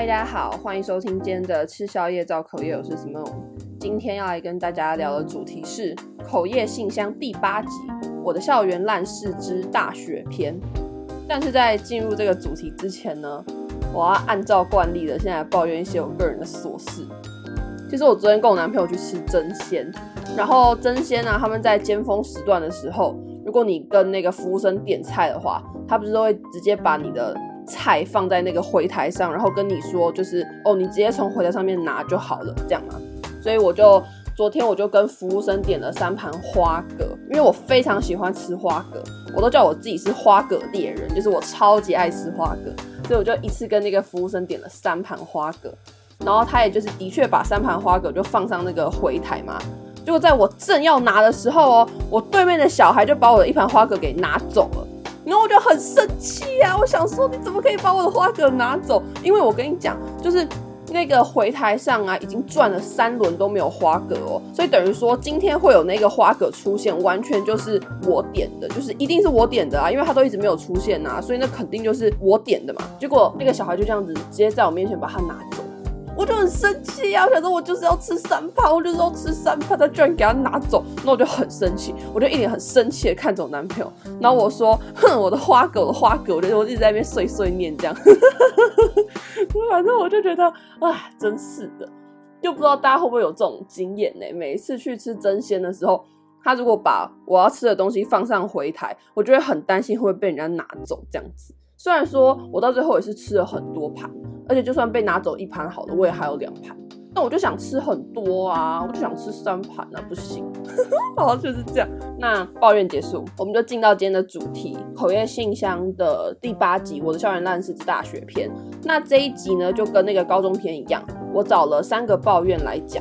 大家好，歡迎收聽今天的吃宵夜造口業，我是 Simone，今天要來跟大家聊的主題是《口業信箱》第八集，《我的校園爛事之大學篇》。但是在進入這個主題之前呢，我要按照慣例的，先來抱怨一些我個人的瑣事。其實我昨天跟我男朋友去吃爭鮮，然後爭鮮呢、啊，他們在尖峰時段的時候，如果你跟那個服務生點菜的話，他不是都會直接把你的。菜放在那個回台上，然後跟你說就是哦，你直接從回台上面拿就好了，這樣嘛、啊。所以我就昨天我就跟服務生點了三盤花蛤，因為我非常喜歡吃花蛤，我都叫我自己是花蛤獵人，就是我超級愛吃花蛤，所以我就一次跟那個服務生點了三盤花蛤，然後他也就是的確把三盤花蛤就放上那個回台嘛。結果在我正要拿的時候，哦，我對面的小孩就把我的一盤花蛤給拿走了。然後我就很生氣啊！我想說，你怎麼可以把我的花蛤拿走？因為我跟你講，就是那個回台上啊，已經轉了三輪都沒有花蛤哦、喔，所以等於說今天會有那個花蛤出現，完全就是我點的，就是一定是我點的啊！因為它都一直沒有出現吶、啊，所以那肯定就是我點的嘛。結果那個小孩就這樣子直接在我面前把它拿掉。我就很生氣呀、啊，我想說，我就是要吃三盤，我就是要吃三盤，他居然給他拿走，那我就很生氣，我就一臉很生氣的看着我男朋友，然後我說，哼，我的花狗的花狗，我就一直在那邊碎碎念這樣， 反正我就覺得，啊，真是的，就不知道大家會不會有這種經驗呢？每一次去吃爭鮮的時候，他如果把我要吃的東西放上回台，我就會很擔心會不會被人家拿走這樣子。雖然說我到最後也是吃了很多盤，而且就算被拿走一盤好了，我也還有兩盤。但我就想吃很多啊，我就想吃三盤啊。不行，哈 哈，好，就是這樣。那抱怨結束，我們就進到今天的主題——口業信箱的第八集《我的校園爛事之大學篇》。那這一集呢，就跟那個高中篇一樣，我找了三個抱怨來講。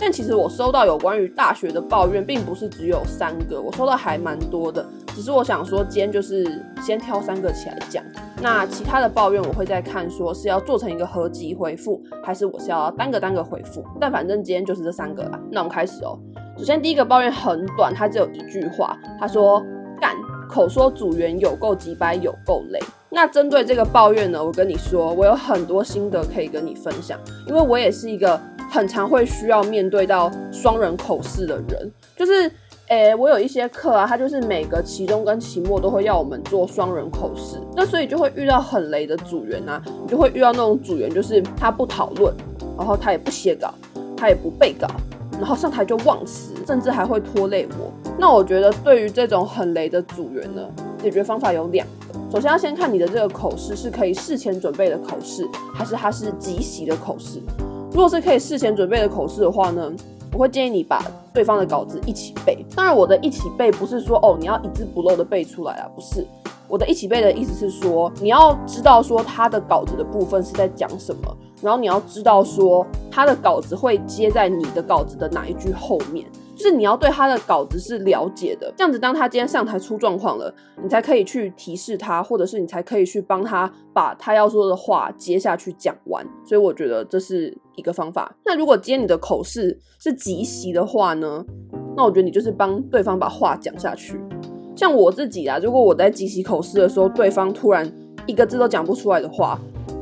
但其實我收到有關於大學的抱怨，並不是只有三個，我收到還蠻多的。只是我想說，今天就是先挑三個起來講。那其他的抱怨我會再看，說是要做成一個合集回復，還是我是要單個單個回復？但反正今天就是這三個吧。那我們開始哦。首先第一個抱怨很短，它只有一句話，他說：“幹，口說組員有夠機掰，有夠累。”那針對這個抱怨呢，我跟你說，我有很多心得可以跟你分享，因為我也是一個。很常會需要面對到雙人口試的人，就是，誒、欸，我有一些課啊，他就是每個期中跟期末都會要我們做雙人口試，那所以就會遇到很雷的組員啊，你就會遇到那種組員，就是他不討論，然後他也不寫稿，他也不背稿，然後上台就忘詞，甚至還會拖累我。那我覺得對於這種很雷的組員呢，解決方法有兩個，首先要先看你的這個口試是可以事前準備的口試，還是他是即席的口試。如果是可以事前準備的口試的話呢，我會建議你把對方的稿子一起背。當然，我的一起背不是說哦，你要一字不漏的背出來啊，不是。我的一起背的意思是說，你要知道說他的稿子的部分是在講什麼，然後你要知道說他的稿子會接在你的稿子的哪一句後面。就是你要對他的稿子是了解的，這樣子當他今天上台出狀況了，你才可以去提示他，或者是你才可以去幫他把他要說的話接下去講完。所以我覺得這是一個方法。那如果今天你的口試是即席的話呢，那我覺得你就是幫對方把話講下去。像我自己啊，如果我在即席口試的時候，對方突然一個字都講不出來的話。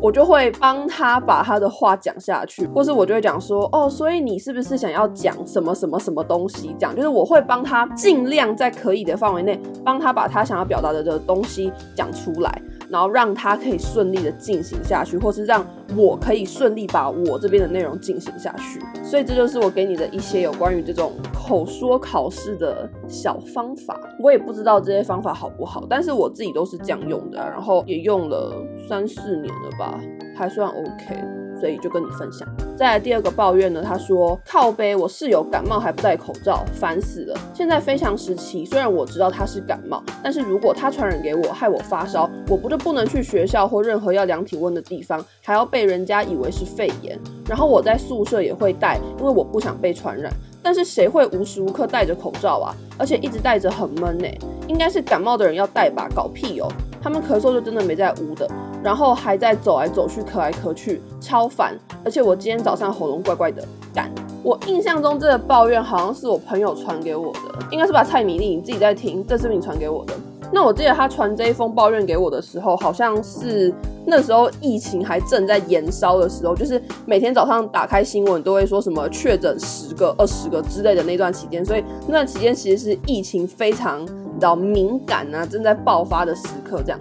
我就會幫他把他的話講下去，或是我就會講說，哦，所以你是不是想要講什麼什麼什麼東西講？就是我會幫他盡量在可以的範圍內幫他把他想要表達的這個東西講出來。然後讓它可以順利的進行下去，或是讓我可以順利把我這邊的內容進行下去。所以這就是我給你的一些有關於這種口說考試的小方法。我也不知道這些方法好不好，但是我自己都是這樣用的啊，然後也用了三四年了吧，還算 OK。所以就跟你分享。再來第二個抱怨呢，他說，靠杯，我室友感冒還不戴口罩，煩死了。現在非常時期，雖然我知道他是感冒，但是如果他傳染給我，害我發燒，我不就不能去學校或任何要量體溫的地方，還要被人家以為是肺炎。然後我在宿舍也會戴，因為我不想被傳染。但是誰會無時無刻戴着口罩啊？而且一直戴着很悶呢、欸，應該是感冒的人要戴吧，搞屁哦。他們咳嗽就真的沒在屋的，然後還在走來走去、咳來咳去，超煩。而且我今天早上喉嚨怪怪的，幹。我印象中這個抱怨好像是我朋友傳給我的，應該是吧，蔡米莉你自己在聽，這是你傳給我的。那我記得他傳這一封抱怨給我的時候，好像是那時候疫情還正在延燒的時候，就是每天早上打開新聞都會說什麼確診十個、二十個之類的那段期間，所以那段期間其實是疫情非常比較敏感啊，正在爆發的時刻這樣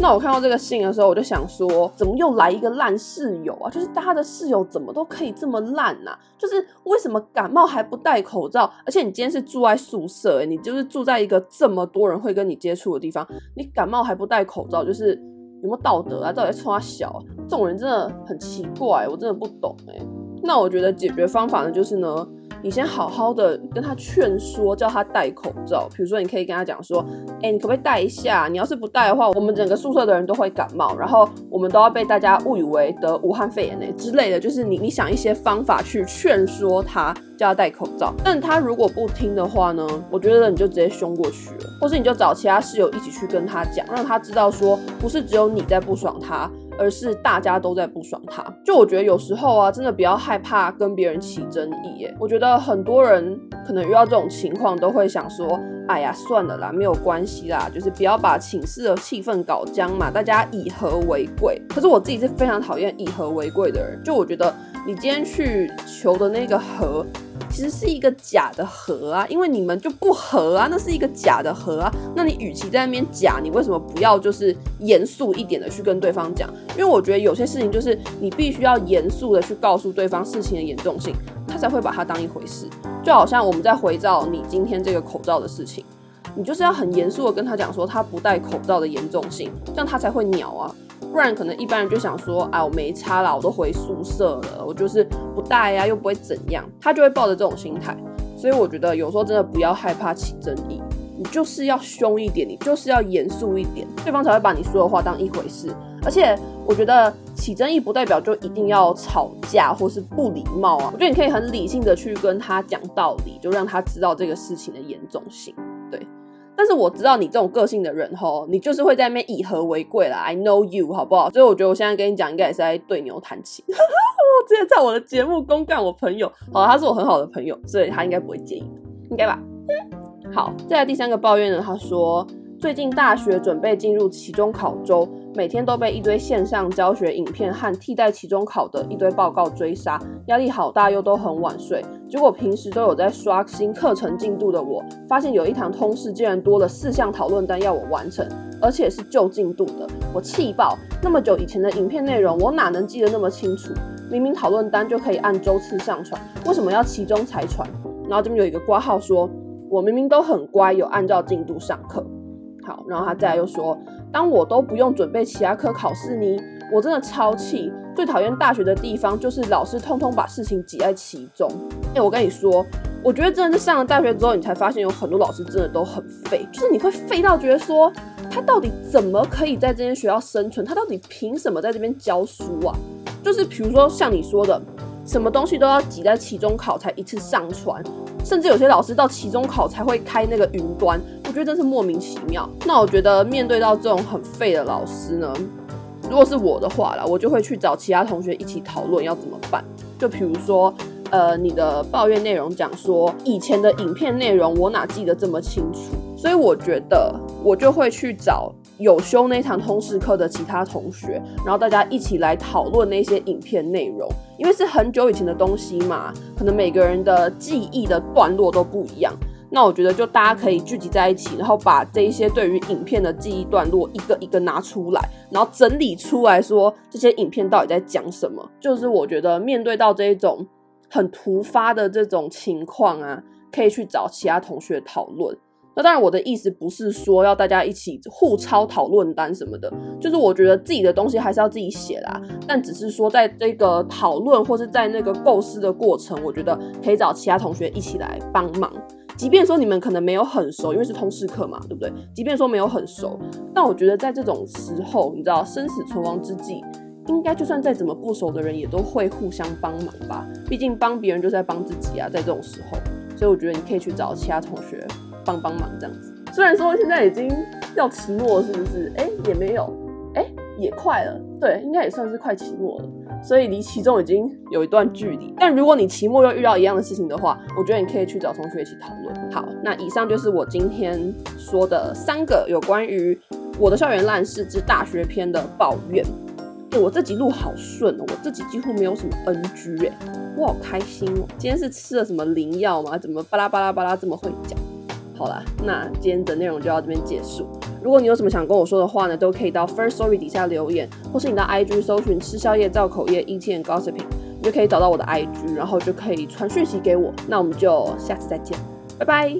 那我看到這個信的時候，我就想說，怎麼又來一個爛室友啊？就是他的室友怎麼都可以這麼爛啊？就是為什麼感冒還不戴口罩？而且你今天是住在宿舍，欸，誒你就是住在一個這麼多人會跟你接觸的地方，你感冒還不戴口罩，就是有沒有道德啊？到底衝三小，啊，這種人真的很奇怪，欸，我真的不懂誒、欸、那我覺得解決方法呢，就是呢。你先好好的跟他勸說，叫他戴口罩。比如說，你可以跟他講說，哎、欸，你可不可以戴一下？你要是不戴的話，我們整個宿舍的人都會感冒，然後我們都要被大家誤以為得武漢肺炎呢之類的。就是你你想一些方法去勸說他，叫他戴口罩。但他如果不聽的話呢，我覺得你就直接凶過去了，或是你就找其他室友一起去跟他講，讓他知道說，不是只有你在不爽他。而是大家都在不爽他，就我覺得有時候啊，真的不要害怕跟別人起爭議耶。我覺得很多人可能遇到這種情況，都會想說，哎呀，算了啦，沒有關係啦，就是不要把寢室的氣氛搞僵嘛，大家以和為貴。可是我自己是非常討厭以和為貴的人，就我覺得你今天去求的那個和。其實是一個假的和啊，因為你們就不和啊，那是一個假的和啊。那你與其在那邊假，你為什麼不要就是嚴肅一點的去跟對方講？因為我覺得有些事情就是你必須要嚴肅的去告訴對方事情的嚴重性，他才會把它當一回事。就好像我們在回到你今天這個口罩的事情，你就是要很嚴肅的跟他講說他不戴口罩的嚴重性，這樣他才會鳥啊。不然可能一般人就想說，啊、哎，我沒差啦，我都回宿舍了，我就是不帶呀、啊，又不會怎樣。他就會抱着這種心態，所以我覺得有時候真的不要害怕起爭議，你就是要凶一點，你就是要嚴肅一點，對方才會把你說的話當一回事。而且我覺得起爭議不代表就一定要吵架或是不禮貌啊，我覺得你可以很理性的去跟他講道理，就讓他知道這個事情的嚴重性。但是我知道你這種個性的人吼，你就是會在那邊以和為貴啦 I know you，好不好？所以我覺得我現在跟你講，應該也是在對牛彈琴。我 直接在我的節目公幹我朋友，好，他是我很好的朋友，所以他應該不會介意的，應該吧？嗯？好，再來第三個抱怨呢，他說。最近大學準備進入期中考周，每天都被一堆線上教學影片和替代期中考的一堆報告追殺，壓力好大，又都很晚睡。結果平時都有在刷新課程進度的我，發現有一堂通識竟然多了四項討論單要我完成，而且是舊進度的，我氣爆！那麼久以前的影片內容，我哪能記得那麼清楚？明明討論單就可以按周次上傳，為什麼要期中才傳？然後這邊有一個掛號說，我明明都很乖，有按照進度上課。好，然後他再來又說，當我都不用準備其他科考試呢，我真的超氣。最討厭大學的地方就是老師通通把事情擠在其中。誒、欸，我跟你說，我覺得真的是上了大學之後，你才發現有很多老師真的都很廢，就是你會廢到覺得說，他到底怎麼可以在這間學校生存？他到底憑什麼在這邊教書啊？就是比如說像你說的。什麼東西都要擠在期中考才一次上傳，甚至有些老師到期中考才會開那個雲端，我覺得真是莫名其妙。那我覺得面對到這種很廢的老師呢，如果是我的話了，我就會去找其他同學一起討論要怎麼辦。就比如說，呃，你的抱怨內容講說以前的影片內容我哪記得這麼清楚，所以我覺得我就會去找。有修那一堂通識課的其他同學，然後大家一起來討論那些影片內容，因為是很久以前的東西嘛，可能每個人的記憶的段落都不一樣。那我覺得就大家可以聚集在一起，然後把這一些對於影片的記憶段落一個一個拿出來，然後整理出來說這些影片到底在講什麼。就是我覺得面對到這一種很突發的這種情況啊，可以去找其他同學討論。那當然，我的意思不是說要大家一起互抄討論單什麼的，就是我覺得自己的東西還是要自己寫啦。但只是說，在這個討論或是在那個構思的過程，我覺得可以找其他同學一起來幫忙。即便說你們可能沒有很熟，因為是通識課嘛，對不對？即便說沒有很熟，但我覺得在這種時候，你知道生死存亡之際，應該就算再怎麼不熟的人也都會互相幫忙吧。畢竟幫別人就是在幫自己啊，在這種時候，所以我覺得你可以去找其他同學。幫幫忙，這樣子。雖然說現在已經要期末，是不是？誒、欸，也沒有，誒、欸，也快了。對，應該也算是快期末了，所以離期中已經有一段距離。但如果你期末又遇到一樣的事情的話，我覺得你可以去找同學一起討論。好，那以上就是我今天說的三個有關於我的校園爛事之大學篇的抱怨。哦、我這集錄好順哦、喔，我這集幾乎沒有什麼 NG 誒、欸，我好開心哦、喔。今天是吃了什麼靈藥嗎？怎麼巴拉巴拉巴拉這麼會講？好啦，那今天的內容就到這邊結束。如果你有什麼想跟我說的話呢，都可以到 First Story 底下留言，或是你到 IG 搜尋“吃宵夜造口業 eating and gossiping”，你就可以找到我的 IG，然後就可以傳訊息給我。那我們就下次再見，拜拜。